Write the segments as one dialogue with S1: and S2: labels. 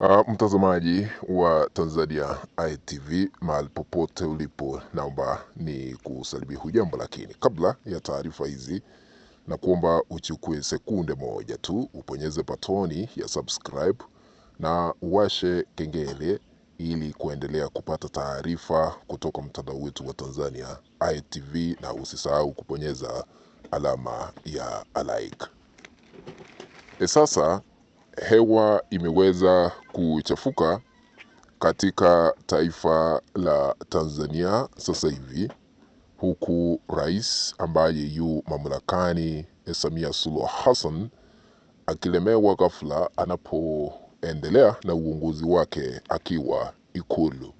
S1: Uh, mtazamaji wa Tanzania ITV mahali popote ulipo, naomba ni kusalimia hujambo, lakini kabla ya taarifa hizi na kuomba uchukue sekunde moja tu uponyeze patoni ya subscribe na uwashe kengele ili kuendelea kupata taarifa kutoka mtandao wetu wa Tanzania ITV, na usisahau kuponyeza alama ya like. E, sasa hewa imeweza kuchafuka katika taifa la Tanzania sasa hivi, huku rais ambaye yu mamlakani Samia Suluhu Hassan akilemewa ghafla anapoendelea na uongozi wake akiwa Ikulu.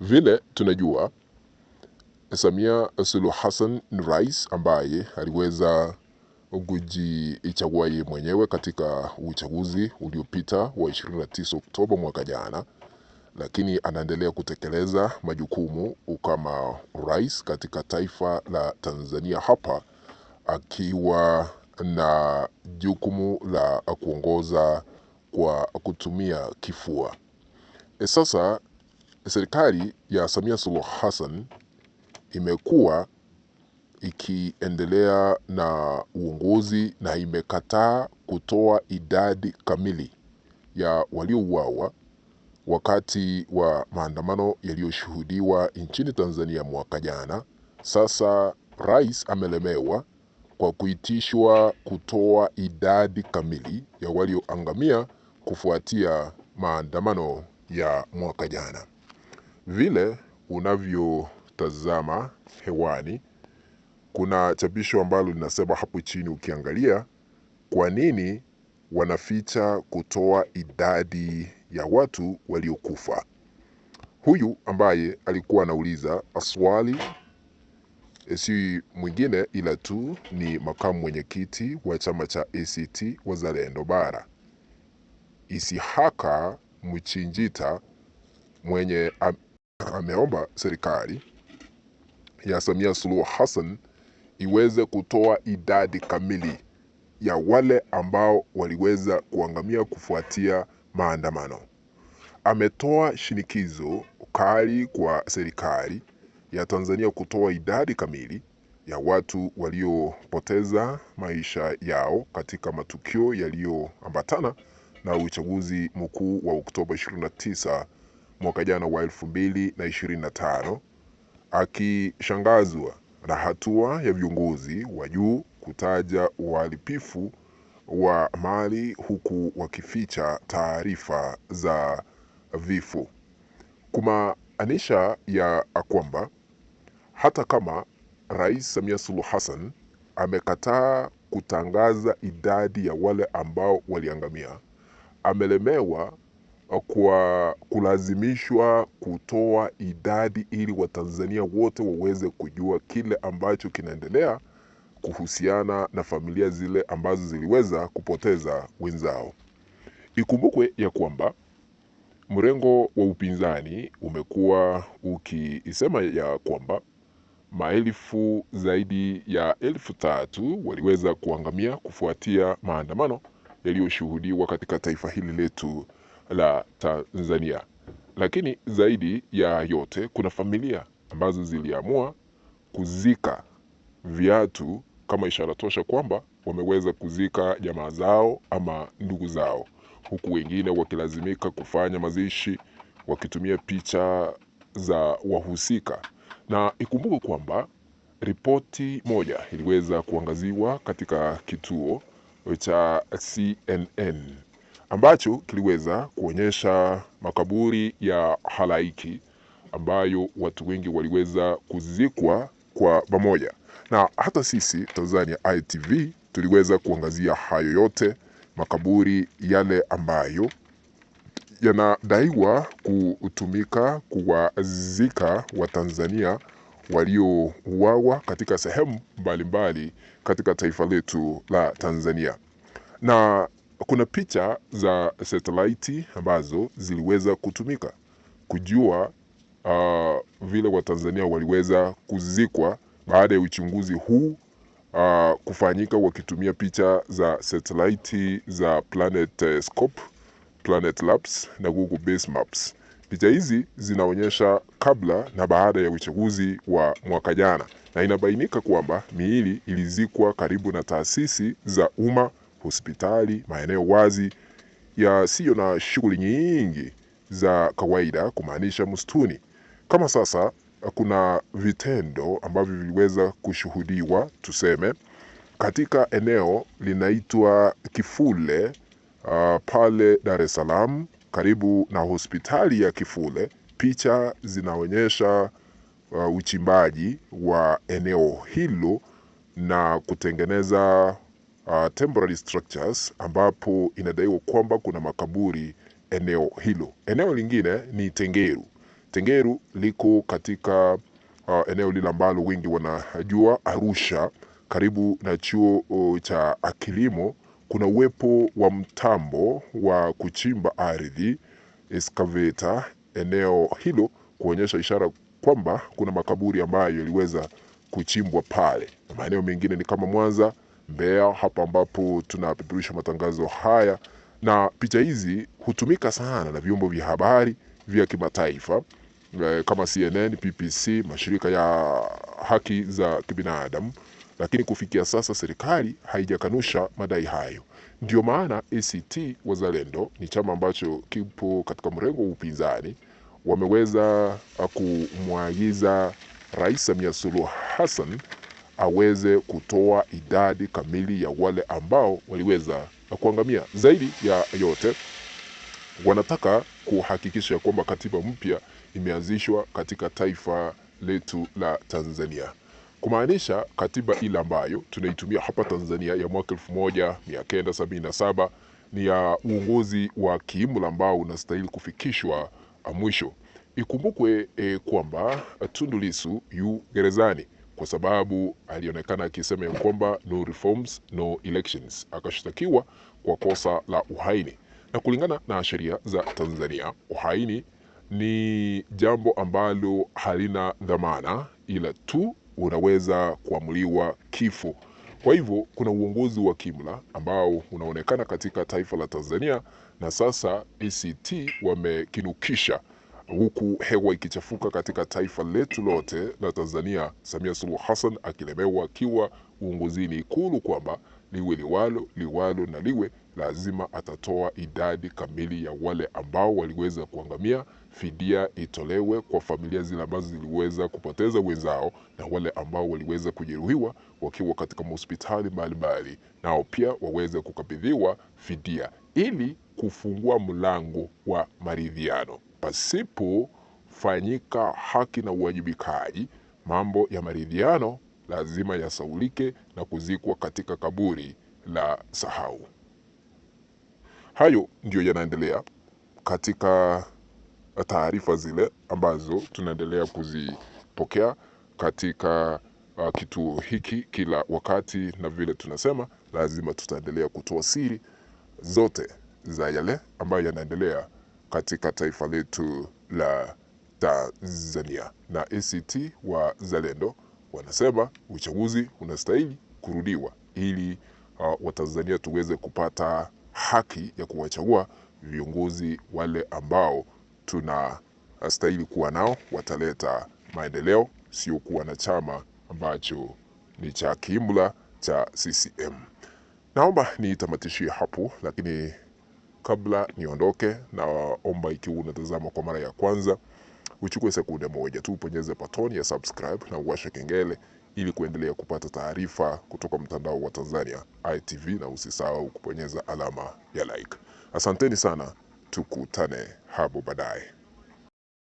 S1: Vile tunajua Samia Suluhu Hassan ni rais ambaye aliweza kujichagua yeye mwenyewe katika uchaguzi uliopita wa 29 Oktoba mwaka jana, lakini anaendelea kutekeleza majukumu kama rais katika taifa la Tanzania hapa akiwa na jukumu la kuongoza kwa kutumia kifua. E, sasa serikali ya Samia Suluhu Hassan imekuwa ikiendelea na uongozi na imekataa kutoa idadi kamili ya waliouawa wakati wa maandamano yaliyoshuhudiwa nchini Tanzania mwaka jana. Sasa rais amelemewa kwa kuitishwa kutoa idadi kamili ya walioangamia kufuatia maandamano ya mwaka jana. Vile unavyotazama hewani kuna chapisho ambalo linasema hapo chini, ukiangalia kwa nini wanaficha kutoa idadi ya watu waliokufa. Huyu ambaye alikuwa anauliza aswali eh, si mwingine ila tu ni makamu mwenyekiti wa chama cha ACT Wazalendo Bara Isihaka Mchinjita mwenye ameomba serikali ya Samia Suluhu Hassan iweze kutoa idadi kamili ya wale ambao waliweza kuangamia kufuatia maandamano. Ametoa shinikizo kali kwa serikali ya Tanzania kutoa idadi kamili ya watu waliopoteza maisha yao katika matukio yaliyoambatana na uchaguzi mkuu wa Oktoba 29 mwaka jana wa 2025, akishangazwa na hatua ya viongozi wa juu kutaja uhalifu wa mali huku wakificha taarifa za vifo, kumaanisha ya kwamba hata kama Rais Samia Suluhu Hassan amekataa kutangaza idadi ya wale ambao waliangamia, amelemewa Uh, kwa kulazimishwa kutoa idadi ili Watanzania wote waweze kujua kile ambacho kinaendelea kuhusiana na familia zile ambazo ziliweza kupoteza wenzao. Ikumbukwe ya kwamba mrengo wa upinzani umekuwa ukisema ya kwamba maelfu zaidi ya elfu tatu waliweza kuangamia kufuatia maandamano yaliyoshuhudiwa katika taifa hili letu la Tanzania. Lakini zaidi ya yote, kuna familia ambazo ziliamua kuzika viatu kama ishara tosha kwamba wameweza kuzika jamaa zao ama ndugu zao, huku wengine wakilazimika kufanya mazishi wakitumia picha za wahusika. Na ikumbuke kwamba ripoti moja iliweza kuangaziwa katika kituo cha CNN ambacho kiliweza kuonyesha makaburi ya halaiki ambayo watu wengi waliweza kuzikwa kwa pamoja, na hata sisi Tanzania ITV tuliweza kuangazia hayo yote, makaburi yale ambayo yanadaiwa kutumika kuwazika Watanzania waliouawa katika sehemu mbalimbali katika taifa letu la Tanzania na kuna picha za satelaiti ambazo ziliweza kutumika kujua uh, vile Watanzania waliweza kuzikwa baada ya uchunguzi huu uh, kufanyika wakitumia picha za satelaiti za Planet eh, Scope, Planet Labs na Google Base Maps. Picha hizi zinaonyesha kabla na baada ya uchaguzi wa mwaka jana, na inabainika kwamba miili ilizikwa karibu na taasisi za umma hospitali, maeneo wazi yasiyo na shughuli nyingi za kawaida, kumaanisha msituni. Kama sasa kuna vitendo ambavyo viliweza kushuhudiwa tuseme, katika eneo linaitwa Kifule uh, pale Dar es Salaam karibu na hospitali ya Kifule. Picha zinaonyesha uh, uchimbaji wa eneo hilo na kutengeneza uh, temporary structures ambapo inadaiwa kwamba kuna makaburi eneo hilo. Eneo lingine ni Tengeru. Tengeru liko katika uh, eneo lile ambalo wengi wanajua Arusha, karibu na chuo uh, cha kilimo. Kuna uwepo wa mtambo wa kuchimba ardhi excavator eneo hilo kuonyesha ishara kwamba kuna makaburi ambayo yaliweza kuchimbwa pale. Maeneo mengine ni kama Mwanza Mbeya, hapa ambapo tunapeperusha matangazo haya, na picha hizi hutumika sana na vyombo vya habari vya kimataifa eh, kama CNN, PPC, mashirika ya haki za kibinadamu, lakini kufikia sasa serikali haijakanusha madai hayo. Ndio maana ACT Wazalendo ni chama ambacho kipo katika mrengo wa upinzani, wameweza kumwagiza Rais Samia Suluhu Hassan aweze kutoa idadi kamili ya wale ambao waliweza kuangamia. Zaidi ya yote, wanataka kuhakikisha kwamba katiba mpya imeanzishwa katika taifa letu la Tanzania, kumaanisha katiba ile ambayo tunaitumia hapa Tanzania ya mwaka 1977 ni ya uongozi wa kiimla ambao unastahili kufikishwa mwisho. Ikumbukwe e, kwamba Tundu Lissu yu gerezani kwa sababu alionekana akisema ya kwamba no reforms no elections, akashtakiwa kwa kosa la uhaini, na kulingana na sheria za Tanzania uhaini ni jambo ambalo halina dhamana, ila tu unaweza kuamuliwa kifo. Kwa hivyo kuna uongozi wa kimla ambao unaonekana katika taifa la Tanzania, na sasa ACT e wamekinukisha huku hewa ikichafuka katika taifa letu lote la Tanzania, Samia Suluhu Hassan akilemewa akiwa uongozini Ikulu kwamba liwe liwalo liwalo na liwe lazima atatoa idadi kamili ya wale ambao waliweza kuangamia, fidia itolewe kwa familia zile ambazo ziliweza kupoteza wenzao na wale ambao waliweza kujeruhiwa wakiwa katika mahospitali mbalimbali, nao pia waweze kukabidhiwa fidia ili kufungua mlango wa maridhiano pasipofanyika haki na uwajibikaji, mambo ya maridhiano lazima yasaulike na kuzikwa katika kaburi la sahau. Hayo ndiyo yanaendelea katika taarifa zile ambazo tunaendelea kuzipokea katika uh, kituo hiki kila wakati, na vile tunasema lazima tutaendelea kutoa siri zote za yale ambayo yanaendelea katika taifa letu la Tanzania. Na ACT wa zalendo wanasema uchaguzi unastahili kurudiwa ili uh, Watanzania tuweze kupata haki ya kuwachagua viongozi wale ambao tunastahili kuwa nao, wataleta maendeleo, sio kuwa na chama ambacho ni cha kiimla cha CCM. Naomba nitamatishie hapo, lakini kabla niondoke, na omba ikiwa unatazama kwa mara ya kwanza uchukue sekunde moja tu uponyeze patoni ya subscribe na uwashe kengele ili kuendelea kupata taarifa kutoka mtandao wa Tanzania ITV, na usisahau kuponyeza alama ya like. Asanteni sana, tukutane hapo baadaye.